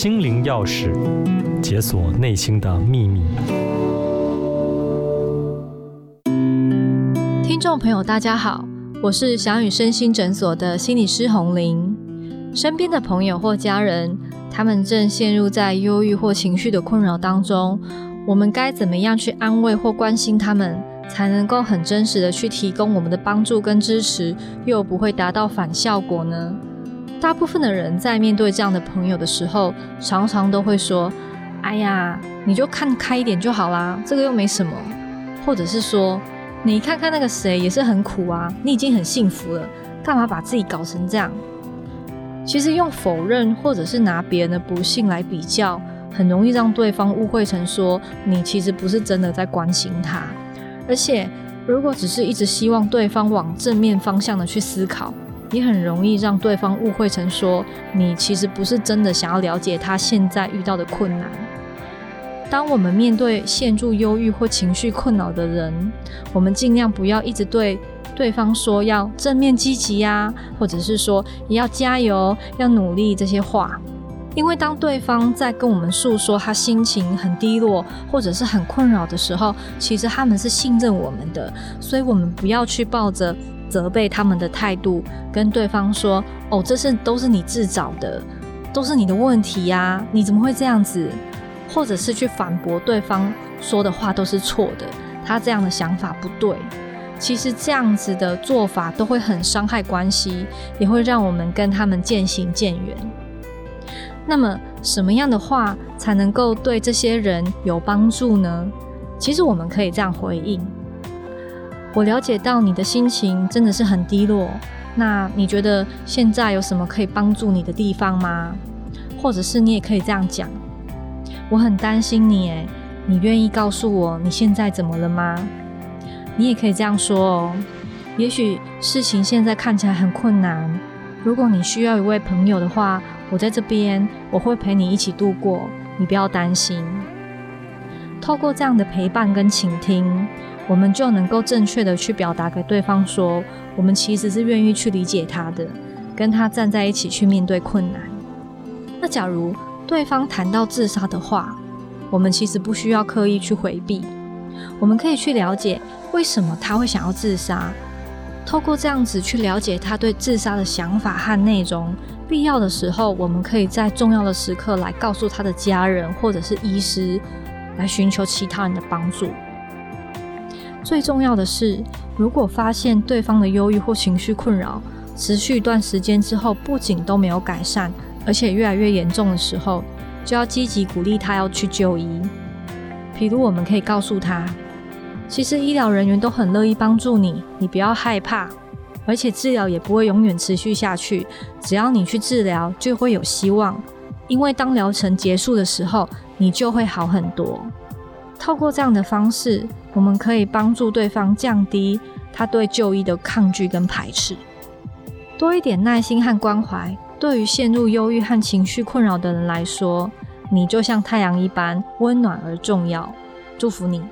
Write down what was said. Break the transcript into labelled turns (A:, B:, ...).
A: 心靈鑰匙，解鎖內心的秘密。聽眾朋友，大家好，我是翔宇身心診所的心理師洪玲。身邊的朋友或家人，他們正陷入在憂鬱或情緒的困擾當中，我們該怎麼樣去安慰或關心他們，才能夠很真實的去提供我們的幫助跟支持，又不會達到反效果呢？大部分的人在面對這樣的朋友的時候，常常都會說：“哎呀，你就看開一點就好啦，這個又沒什麼。”或者是說：“你看看那個誰也是很苦啊，你已經很幸福了，幹嘛把自己搞成這樣？”其實用否認或者是拿別人的不幸來比較，很容易讓對方誤會成說你其實不是真的在關心他。而且，如果只是一直希望對方往正面方向的去思考。也很容易讓對方誤會成說你其實不是真的想要了解他現在遇到的困難。當我們面對陷入憂鬱或情緒困擾的人，我們盡量不要一直對對方說要正面積極呀、啊，或者是說也要加油、要努力這些話，因為當對方在跟我們訴說他心情很低落或者是很困擾的時候，其實他們是信任我們的，所以我們不要去抱着。責備他們的態度，跟對方說：“哦，這是都是你自找的，都是你的問題呀，你怎麼會這樣子？”或者是去反駁對方說的話都是錯的，他這樣的想法不對。其實這樣子的做法都會很傷害關係，也會讓我們跟他們漸行漸遠。那麼什麼樣的話才能夠對這些人有幫助呢？其實我們可以這樣回應。我了解到你的心情真的是很低落，那你覺得現在有什麼可以幫助你的地方嗎？或者是你也可以這樣講，我很擔心你誒，你願意告訴我你現在怎麼了嗎？你也可以這樣說哦，也許事情現在看起來很困難，如果你需要一位朋友的話，我在這邊，我會陪你一起度過，你不要擔心。透過這樣的陪伴跟傾聽。我們就能夠正確地去表達給對方說，我們其實是願意去理解他的，跟他站在一起去面對困難。那假如對方談到自殺的話，我們其實不需要刻意去回避，我們可以去了解為什麼他會想要自殺，透過這樣子去了解他對自殺的想法和內容。必要的時候，我們可以在重要的時刻來告訴他的家人或者是醫師，來尋求其他人的幫助。最重要的是，如果發現對方的憂鬱或情緒困擾持續一段時間之後，不僅都沒有改善，而且越來越嚴重的時候，就要積極鼓勵他要去就醫。比如，我們可以告訴他，其實醫療人員都很樂意幫助你，你不要害怕，而且治療也不會永遠持續下去，只要你去治療就會有希望，因為當療程結束的時候，你就會好很多。透過這樣的方式，我們可以幫助對方降低他對就醫的抗拒跟排斥。多一點耐心和關懷，對於陷入憂鬱和情緒困擾的人來說，你就像太陽一般溫暖而重要。祝福你。